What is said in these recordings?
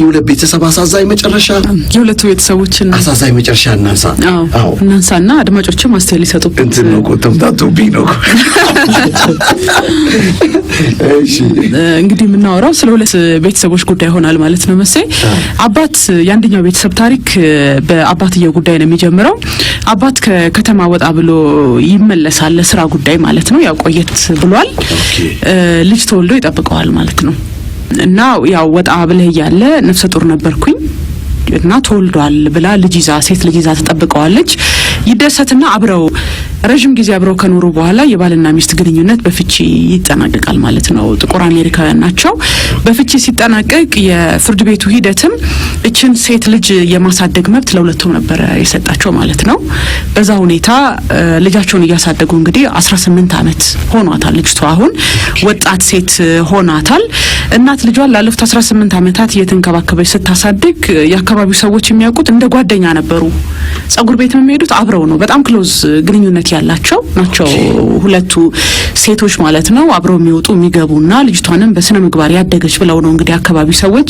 የሁለት ቤተሰብ አሳዛኝ መጨረሻ የሁለቱ ቤተሰቦችን አሳዛኝ መጨረሻ እናንሳ። አዎ እናንሳና አድማጮችም አስተያየት ሊሰጡበት እንትን ነው ተምታቶብኝ ነው። እንግዲህ የምናወራው ስለ ሁለት ቤተሰቦች ጉዳይ ይሆናል ማለት ነው። መሴ አባት የአንደኛው ቤተሰብ ታሪክ በአባትየው ጉዳይ ነው የሚጀምረው። አባት ከከተማ ወጣ ብሎ ይመለሳል ለስራ ጉዳይ ማለት ነው። ያው ቆየት ብሏል። ልጅ ተወልዶ ይጠብቀዋል ማለት ነው። እና ያው ወጣ ብለህ እያለ ነፍሰ ጡር ነበርኩኝ እና ተወልዷል ብላ ልጅ ይዛ ሴት ልጅ ይዛ ተጠብቀዋለች። ይደሰትና አብረው ረዥም ጊዜ አብረው ከኖሩ በኋላ የባልና ሚስት ግንኙነት በፍቺ ይጠናቀቃል ማለት ነው። ጥቁር አሜሪካውያን ናቸው። በፍቺ ሲጠናቀቅ የፍርድ ቤቱ ሂደትም እችን ሴት ልጅ የማሳደግ መብት ለሁለቱም ነበረ የሰጣቸው ማለት ነው። በዛ ሁኔታ ልጃቸውን እያሳደጉ እንግዲህ 18 ዓመት ሆኗታል። ልጅቷ አሁን ወጣት ሴት ሆኗታል። እናት ልጇን ላለፉት 18 ዓመታት እየተንከባከበች ስታሳድግ የአካባቢው ሰዎች የሚያውቁት እንደ ጓደኛ ነበሩ። ጸጉር ቤት የሚሄዱት አብረው ነው። በጣም ክሎዝ ግንኙነት ያላቸው ናቸው። ሁለቱ ሴቶች ማለት ነው አብረው የሚወጡ የሚገቡና ልጅቷንም በስነ ምግባር ያደገች ብለው ነው እንግዲህ አካባቢ ሰዎች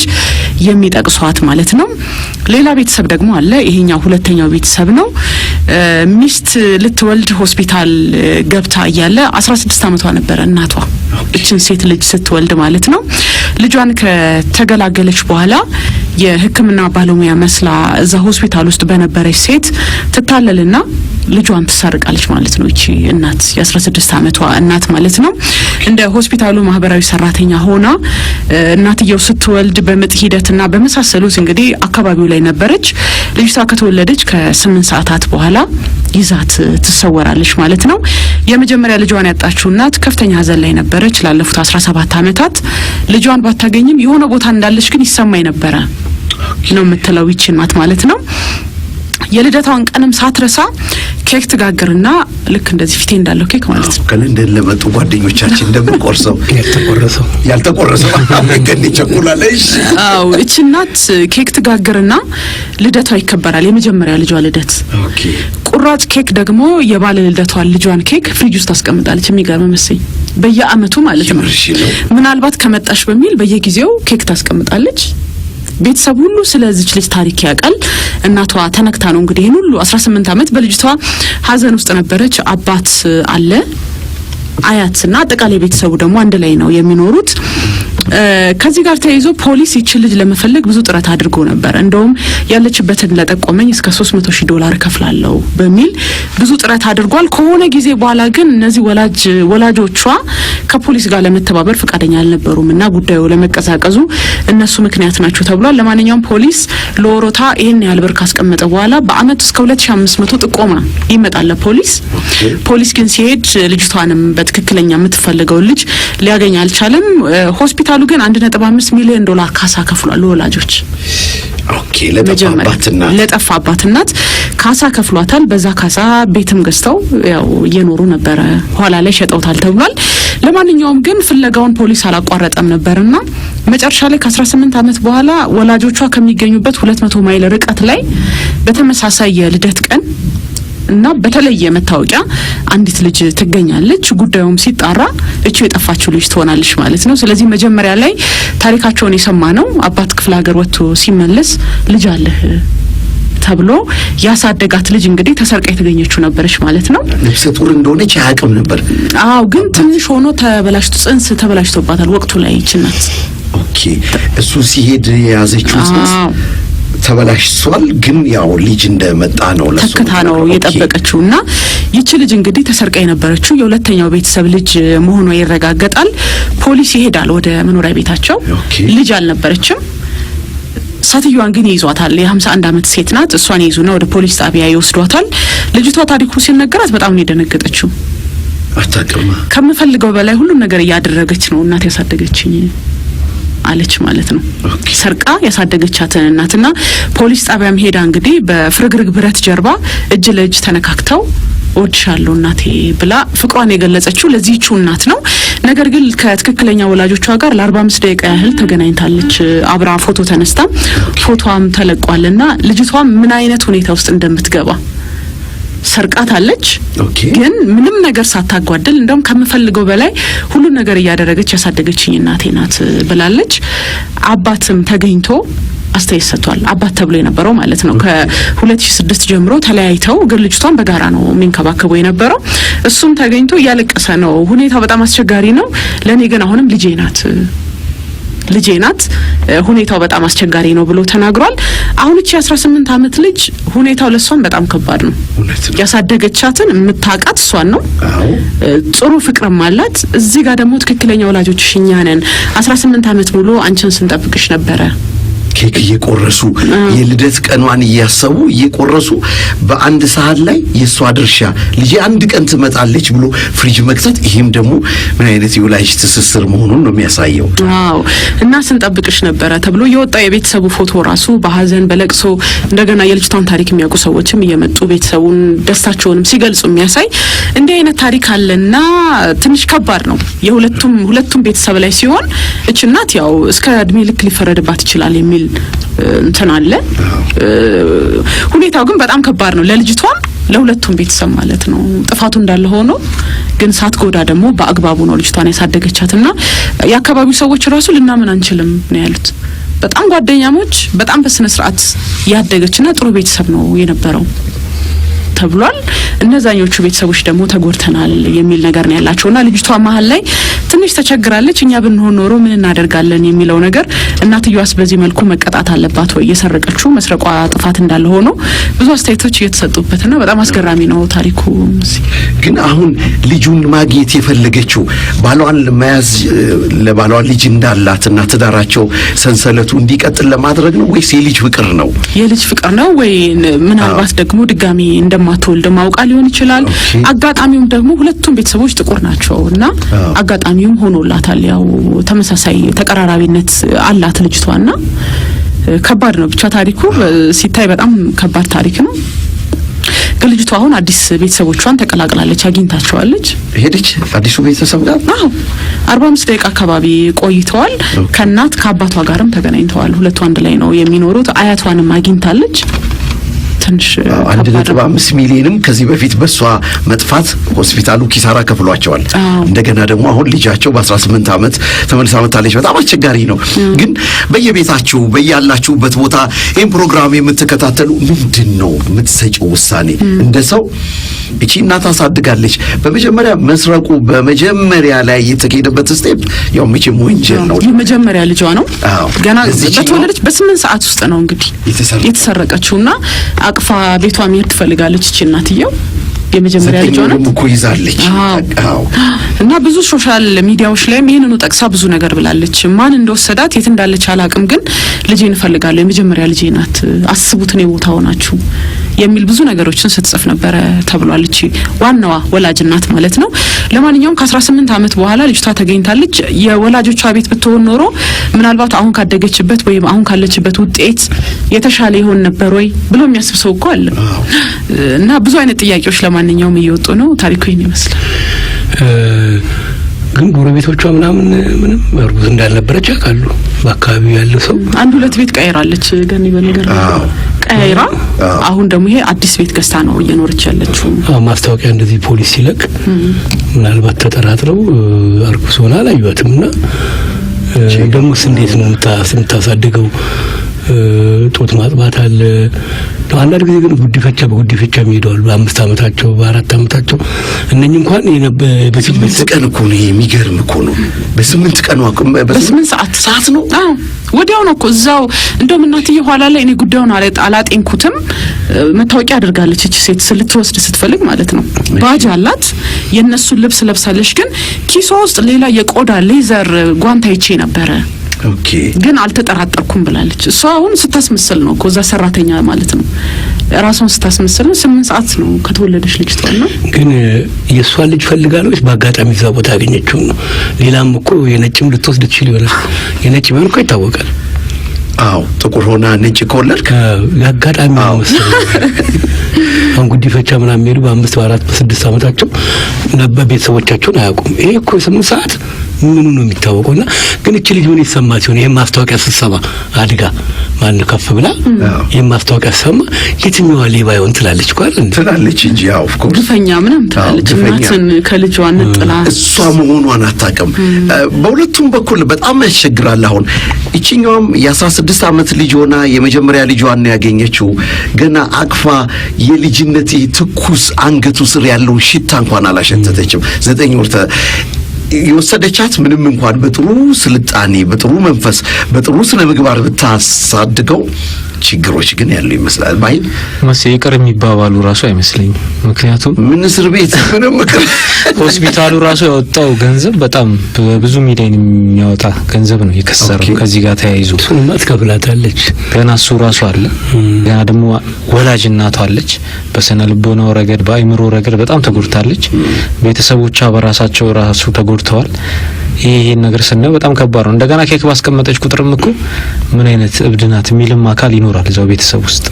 የሚጠቅሷት ማለት ነው። ሌላ ቤተሰብ ደግሞ አለ። ይሄኛው ሁለተኛው ቤተሰብ ነው። ሚስት ልትወልድ ሆስፒታል ገብታ እያለ አስራ ስድስት አመቷ ነበረ እናቷ እችን ሴት ልጅ ስትወልድ ማለት ነው። ልጇን ከተገላገለች በኋላ የሕክምና ባለሙያ መስላ እዛ ሆስፒታል ውስጥ በነበረች ሴት ትታለልና ልጇን ትሰርቃለች ማለት ነው። እቺ እናት የ16 ዓመቷ እናት ማለት ነው። እንደ ሆስፒታሉ ማህበራዊ ሰራተኛ ሆና እናትየው ስትወልድ በምጥ ሂደትና በመሳሰሉት እንግዲህ አካባቢው ላይ ነበረች። ልጅቷ ከተወለደች ከስምንት ሰዓታት በኋላ ይዛት ትሰወራለች ማለት ነው። የመጀመሪያ ልጇን ያጣችው እናት ከፍተኛ ሀዘን ላይ ነበረች ላለፉት 17 ዓመታት። ልጇን ባታገኝም የሆነ ቦታ እንዳለች ግን ይሰማኝ ነበረ ነው የምትለው ይቺ እናት ማለት ነው። የልደታውን ቀንም ሳትረሳ ኬክ ትጋግርና ልክ እንደዚህ ፊቴ እንዳለው ኬክ ማለት ነው። ከለንደን ለመጡ ጓደኞቻችን እንደምንቆርሰው ያልተቆረሰው ያልተቆረሰው መንገድ ይቸኩላል። አዎ እቺ እናት ኬክ ትጋግርና ልደቷ ይከበራል፣ የመጀመሪያ ልጇ ልደት። ቁራጭ ኬክ ደግሞ የባለ ልደቷን ልጇን ኬክ ፍሪጅ ውስጥ ታስቀምጣለች። የሚገርም መስኝ በየአመቱ ማለት ነው። ምናልባት ከመጣሽ በሚል በየጊዜው ኬክ ታስቀምጣለች። ቤተሰብ ሁሉ ስለዚች ልጅ ታሪክ ያውቃል። እናቷ ተነክታ ነው እንግዲህ ይህን ሁሉ 18 ዓመት በልጅቷ ሀዘን ውስጥ ነበረች። አባት አለ አያትና አጠቃላይ ቤተሰቡ ደግሞ አንድ ላይ ነው የሚኖሩት። ከዚህ ጋር ተያይዞ ፖሊስ ይችን ልጅ ለመፈለግ ብዙ ጥረት አድርጎ ነበር። እንደውም ያለችበትን ለጠቆመኝ እስከ 300 መቶ ሺህ ዶላር እከፍላለሁ በሚል ብዙ ጥረት አድርጓል። ከሆነ ጊዜ በኋላ ግን እነዚህ ወላጅ ወላጆቿ ከፖሊስ ጋር ለመተባበር ፈቃደኛ አልነበሩም እና ጉዳዩ ለመቀዛቀዙ እነሱ ምክንያት ናቸው ተብሏል። ለማንኛውም ፖሊስ ለወሮታ ይህን ያህል ብር ካስቀመጠ በኋላ በአመት እስከ 2500 መቶ ጥቆማ ይመጣል ለፖሊስ። ፖሊስ ግን ሲሄድ ልጅቷንም በትክክለኛ የምትፈልገው ልጅ ሊያገኝ አልቻለም። ሆስፒታል ሆስፒታሉ ግን አንድ ነጥብ አምስት ሚሊዮን ዶላር ካሳ ከፍሏል ለወላጆች ለጠፋ አባት እናት ካሳ ከፍሏታል። በዛ ካሳ ቤትም ገዝተው ያው እየኖሩ ነበረ። ኋላ ላይ ሸጠውታል ተብሏል። ለማንኛውም ግን ፍለጋውን ፖሊስ አላቋረጠም ነበርና መጨረሻ ላይ ከ18 ዓመት በኋላ ወላጆቿ ከሚገኙበት 200 ማይል ርቀት ላይ በተመሳሳይ የልደት ቀን እና በተለየ መታወቂያ አንዲት ልጅ ትገኛለች። ጉዳዩም ሲጣራ እቺ የጠፋችው ልጅ ትሆናለች ማለት ነው። ስለዚህ መጀመሪያ ላይ ታሪካቸውን የሰማ ነው አባት ክፍለ ሀገር ወጥቶ ሲመለስ ልጅ አለህ ተብሎ ያሳደጋት ልጅ እንግዲህ ተሰርቃ የተገኘችው ነበረች ማለት ነው። ነፍሰ ጡር እንደሆነች አያውቅም ነበር። አዎ፣ ግን ትንሽ ሆኖ ተበላሽቶ ጽንስ ተበላሽቶባታል ወቅቱ ላይ ይችናት። ኦኬ፣ እሱ ሲሄድ የያዘችው ጽንስ ተበላሽቷል። ግን ያው ልጅ እንደመጣ ነው ተክታ ነው የጠበቀችው እና ይቺ ልጅ እንግዲህ ተሰርቃ የነበረችው የሁለተኛው ቤተሰብ ልጅ መሆኗ ይረጋገጣል። ፖሊስ ይሄዳል ወደ መኖሪያ ቤታቸው። ልጅ አልነበረችም። ሴትዮዋን ግን ይይዟታል። የ የ51 አመት ሴት ናት። እሷን ይይዙና ወደ ፖሊስ ጣቢያ ይወስዷታል። ልጅቷ ታሪኩ ሲነገራት በጣም ነው የደነገጠችው። ከምፈልገው በላይ ሁሉም ነገር እያደረገች ነው እናት ያሳደገችኝ አለች ማለት ነው። ሰርቃ ያሳደገቻትን እናትና ፖሊስ ጣቢያም ሄዳ እንግዲህ በፍርግርግ ብረት ጀርባ እጅ ለእጅ ተነካክተው ወድሻለሁ እናቴ ብላ ፍቅሯን የገለጸችው ለዚህቹ እናት ነው። ነገር ግን ከትክክለኛ ወላጆቿ ጋር ለአርባ አምስት ደቂቃ ያህል ተገናኝታለች አብራ ፎቶ ተነስታ ፎቶዋም ተለቋልና ልጅቷም ምን አይነት ሁኔታ ውስጥ እንደምትገባ ሰርቃት አለች። ግን ምንም ነገር ሳታጓደል እንደውም ከምፈልገው በላይ ሁሉን ነገር እያደረገች ያሳደገችኝ እናቴ ናት ብላለች። አባትም ተገኝቶ አስተያየት ሰጥቷል። አባት ተብሎ የነበረው ማለት ነው። ከ2006 ጀምሮ ተለያይተው ግን ልጅቷን በጋራ ነው የሚንከባከበው የነበረው። እሱም ተገኝቶ እያለቀሰ ነው። ሁኔታው በጣም አስቸጋሪ ነው። ለእኔ ግን አሁንም ልጄ ናት ልጄ ናት፣ ሁኔታው በጣም አስቸጋሪ ነው ብሎ ተናግሯል። አሁን እቺ የአስራ ስምንት አመት ልጅ ሁኔታው ለእሷን በጣም ከባድ ነው። ያሳደገቻትን የምታውቃት እሷን ነው። ጥሩ ፍቅርም አላት። እዚህ ጋር ደግሞ ትክክለኛ ወላጆችሽ እኛ ነን፣ አስራ ስምንት አመት ሙሉ አንቺን ስንጠብቅሽ ነበረ ኬክ እየቆረሱ የልደት ቀኗን እያሰቡ እየቆረሱ በአንድ ሰዓት ላይ የእሷ ድርሻ ልጅ አንድ ቀን ትመጣለች ብሎ ፍሪጅ መክተት፣ ይህም ደግሞ ምን አይነት የወላጅ ትስስር መሆኑን ነው የሚያሳየው። አዎ እና ስንጠብቅሽ ነበረ ተብሎ የወጣው የቤተሰቡ ፎቶ ራሱ በሀዘን በለቅሶ እንደገና የልጅቷን ታሪክ የሚያውቁ ሰዎችም እየመጡ ቤተሰቡን ደስታቸውንም ሲገልጹ የሚያሳይ እንዲህ አይነት ታሪክ አለና ትንሽ ከባድ ነው የሁለቱም ሁለቱም ቤተሰብ ላይ ሲሆን እች እናት ያው እስከ እድሜ ልክ ሊፈረድባት ይችላል የሚል እንትን አለ። ሁኔታው ግን በጣም ከባድ ነው ለልጅቷም ለሁለቱም ቤተሰብ ማለት ነው። ጥፋቱ እንዳለ ሆኖ ግን ሳትጎዳ ደግሞ በአግባቡ ነው ልጅቷን ያሳደገቻት እና የአካባቢው ሰዎች ራሱ ልናምን አንችልም ነው ያሉት። በጣም ጓደኛሞች፣ በጣም በስነ ስርዓት እና ጥሩ ቤተሰብ ነው የነበረው። ተብሏል። እነዛኞቹ ቤተሰቦች ደግሞ ተጎድተናል የሚል ነገር ነው ያላቸው እና ልጅቷ መሀል ላይ ትንሽ ተቸግራለች። እኛ ብንሆን ኖሮ ምን እናደርጋለን የሚለው ነገር እናትየዋስ በዚህ መልኩ መቀጣት አለባት ወይ? እየሰረቀችው መስረቋ ጥፋት እንዳለ ሆኖ ብዙ አስተያየቶች እየተሰጡበትና በጣም አስገራሚ ነው ታሪኩ። ግን አሁን ልጁን ማግኘት የፈለገችው ባሏን ለመያዝ ለባሏ ልጅ እንዳላትና ትዳራቸው ሰንሰለቱ እንዲቀጥል ለማድረግ ነው ወይስ የልጅ ፍቅር ነው? የልጅ ፍቅር ነው ወይ ምናልባት ደግሞ ድጋሚ እንደማትወልድ ማውቃ ሊሆን ይችላል። አጋጣሚውም ደግሞ ሁለቱም ቤተሰቦች ጥቁር ናቸው እና አጋጣሚውም ሆኖላታል። ያው ተመሳሳይ ተቀራራቢነት አላት ልጅቷና ከባድ ነው ብቻ ታሪኩ ሲታይ በጣም ከባድ ታሪክ ነው። ከልጅቷ አሁን አዲስ ቤተሰቦቿን ተቀላቅላለች፣ አግኝታቸዋለች። ሄደች አዲሱ ቤተሰብ ጋር አዎ፣ አርባ አምስት ደቂቃ አካባቢ ቆይተዋል። ከእናት ከአባቷ ጋርም ተገናኝተዋል። ሁለቱ አንድ ላይ ነው የሚኖሩት። አያቷንም አግኝታለች። ትንሽ አንድ ነጥብ አምስት ሚሊዮንም ከዚህ በፊት በሷ መጥፋት ሆስፒታሉ ኪሳራ ከፍሏቸዋል። እንደገና ደግሞ አሁን ልጃቸው በ18 ዓመት ተመልሳ መታለች። በጣም አስቸጋሪ ነው። ግን በየቤታችሁ በያላችሁበት ቦታ ይህን ፕሮግራም የምትከታተሉ ምንድን ነው የምትሰጪው ውሳኔ? እንደ ሰው እቺ እናት አሳድጋለች። በመጀመሪያ መስረቁ በመጀመሪያ ላይ የተካሄደበት ስቴፕ ያው መቼም ወንጀል ነው። የመጀመሪያ ልጇ ነው ገና በተወለደች በስምንት ሰዓት ውስጥ ነው እንግዲህ የተሰረቀችውና አቅፋ ቤቷ መሄድ ትፈልጋለች። እቺ እናትየው የመጀመሪያ ልጅ እኮ ይዛለች እና ብዙ ሶሻል ሚዲያዎች ላይም ይህንኑ ጠቅሳ ብዙ ነገር ብላለች። ማን እንደወሰዳት የት እንዳለች አላቅም፣ ግን ልጄን እፈልጋለሁ፣ የመጀመሪያ ልጄ ናት፣ አስቡት እኔ ቦታ ሆናችሁ የሚል ብዙ ነገሮችን ስትጽፍ ነበረ ተብሏል። እቺ ዋናዋ ወላጅ እናት ማለት ነው። ለማንኛውም ከ18 ዓመት በኋላ ልጅቷ ተገኝታለች። የወላጆቿ ቤት ብትሆን ኖሮ ምናልባት አሁን ካደገችበት ወይም አሁን ካለችበት ውጤት የተሻለ ይሆን ነበር ወይ ብሎ የሚያስብ ሰው እኮ አለ እና ብዙ አይነት ጥያቄዎች ለማንኛውም እየወጡ ነው። ታሪኩ ይህን ይመስላል። ግን ጎረቤቶቿ ምናምን ምንም እርጉዝ እንዳልነበረች ያውቃሉ። በአካባቢው ያለው ሰው አንድ ሁለት ቤት ቀይራለች ገኒ በነገር ቀይራ አሁን ደግሞ ይሄ አዲስ ቤት ገዝታ ነው እየኖረች ያለችው። ማስታወቂያ እንደዚህ ፖሊስ ሲለቅ ምናልባት ተጠራጥረው አርኩስ ሆና አላዩዋትም እና ደግሞ እንዴት ነው የምታሳድገው? ጡት ማጥባት አለ። አንዳንድ ጊዜ ግን ጉዲፈቻ በጉዲፈቻ የሚሄደዋል በአምስት ዓመታቸው በአራት ዓመታቸው እነኝ እንኳን በስምንት ቀን እኮ ነው የሚገርም እኮ ነው። በስምንት ቀን በስምንት ሰዓት ሰዓት ነው ወዲያው ነው እኮ እዛው። እንደውም እናትዬ ኋላ ላይ እኔ ጉዳዩን አላጤንኩትም መታወቂያ አድርጋለች እቺ ሴት ስልትወስድ ስትፈልግ ማለት ነው። ባጅ አላት የእነሱን ልብስ ለብሳለች፣ ግን ኪሷ ውስጥ ሌላ የቆዳ ሌዘር ጓንት ይቼ ነበረ ግን አልተጠራጠርኩም ብላለች። እሷ አሁን ስታስመስል ነው እኮ እዛ ሰራተኛ ማለት ነው ራሷን ስታስመስል ነው። ስምንት ሰዓት ነው ከተወለደች ልጅ ነው። ግን የእሷን ልጅ ፈልጋለች። በአጋጣሚ እዛ ቦታ ያገኘችው ነው። ሌላም እኮ የነጭም ልትወስድ ትችል ይሆናል። የነጭ ቢሆን እኮ ይታወቃል። አዎ ጥቁር ሆና ነጭ ከወለድክ የአጋጣሚ አሁን ጉዲፈቻ ምናምን የሚሄዱ በአምስት በአራት በስድስት ዓመታቸው ቤተሰቦቻቸውን አያውቁም። ይሄ እኮ ስምንት ሰዓት ምኑ ነው የሚታወቀው? እና ግን እቺ ልጅ ምን ይሰማት ይሆን? ይህን ማስታወቂያ ስትሰማ አድጋ ማን ከፍ ብላ ይህን ማስታወቂያ ስትሰማ የትኛዋ ሌባ ይሆን ትላለች እኮ አይደል? ትላለች እንጂ ያው ኦፍ ኮርስ ግፈኛ ምናምን ትላለች። እናትን ከልጇ አንጥላ እሷ መሆኗን አታውቅም። በሁለቱም በኩል በጣም ያስቸግራል። አሁን እቺኛውም የአስራ 16 ዓመት ልጅ ሆና የመጀመሪያ ልጇን ነው ያገኘችው። ገና አቅፋ የልጅነት ትኩስ አንገቱ ስር ያለውን ሽታ እንኳን አላሸተተችም። ዘጠኝ ወር የወሰደቻት ምንም እንኳን በጥሩ ስልጣኔ፣ በጥሩ መንፈስ፣ በጥሩ ስነ ምግባር ብታሳድገው ችግሮች ግን ያሉ ይመስላል። ባይል መስ ይቅር የሚባባሉ ራሱ አይመስለኝም። ምክንያቱም ምን እስር ቤት ምንም ሆስፒታሉ ራሱ ያወጣው ገንዘብ በጣም ብዙ ሚሊዮን የሚያወጣ ገንዘብ ነው የከሰረው። ከዚህ ጋር ተያይዞ እናት ከብላታለች። ገና እሱ ራሱ አለ። ገና ደግሞ ወላጅ እናቷ አለች። በስነ ልቦናው ረገድ፣ በአይምሮ ረገድ በጣም ተጎድታለች። ቤተሰቦቿ በራሳቸው ራሱ ተጎድተዋል። ይሄን ነገር ስናየው በጣም ከባድ ነው። እንደገና ኬክ ባስቀመጠች ቁጥርም እኮ ምን አይነት እብድናት ናት የሚልም አካል ይኖራል። ይኖራል እዛው ቤተሰብ ውስጥ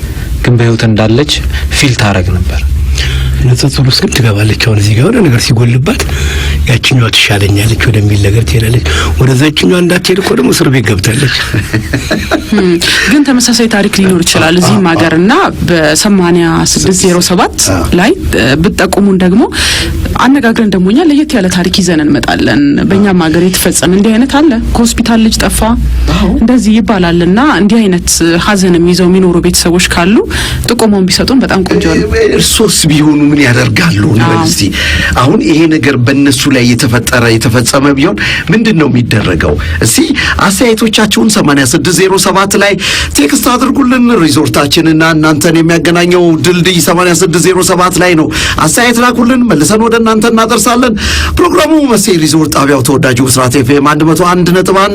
ግን በህይወት እንዳለች ፊል ታረግ ነበር። ንጽጽር ውስጥ ግን ትገባለች። አሁን እዚህ ጋር የሆነ ነገር ሲጎልባት ያችኛዋ ትሻለኛለች ወደሚል ነገር ትሄዳለች። ወደዛችኛዋ እንዳትሄድ እኮ ደግሞ እስር ቤት ገብታለች። ግን ተመሳሳይ ታሪክ ሊኖር ይችላል እዚህም ሀገር እና በሰማንያ ስድስት ዜሮ ሰባት ላይ ብትጠቁሙን ደግሞ አነጋግረን ደግሞ እኛ ለየት ያለ ታሪክ ይዘን እንመጣለን። በእኛም ሀገር የተፈጸመ እንዲህ አይነት አለ። ከሆስፒታል ልጅ ጠፋ እንደዚህ ይባላል እና እንዲህ አይነት ሀዘንም ይዘው የሚኖሩ ቤተሰቦች ካሉ ጥቆማውን ቢሰጡን በጣም ቆንጆ ነው። ቢሆኑ ምን ያደርጋሉ? እንበል አሁን ይሄ ነገር በእነሱ ላይ የተፈጠረ የተፈጸመ ቢሆን ምንድን ነው የሚደረገው? እስቲ አስተያየቶቻችሁን 8607 ላይ ቴክስት አድርጉልን። ሪዞርታችንና እናንተን የሚያገናኘው ድልድይ 8607 ላይ ነው። አስተያየት ላኩልን፣ መልሰን ወደ እናንተ እናደርሳለን። ፕሮግራሙ መሴ ሪዞርት ጣቢያው ተወዳጁ ብስራት ኤፍኤም 101.1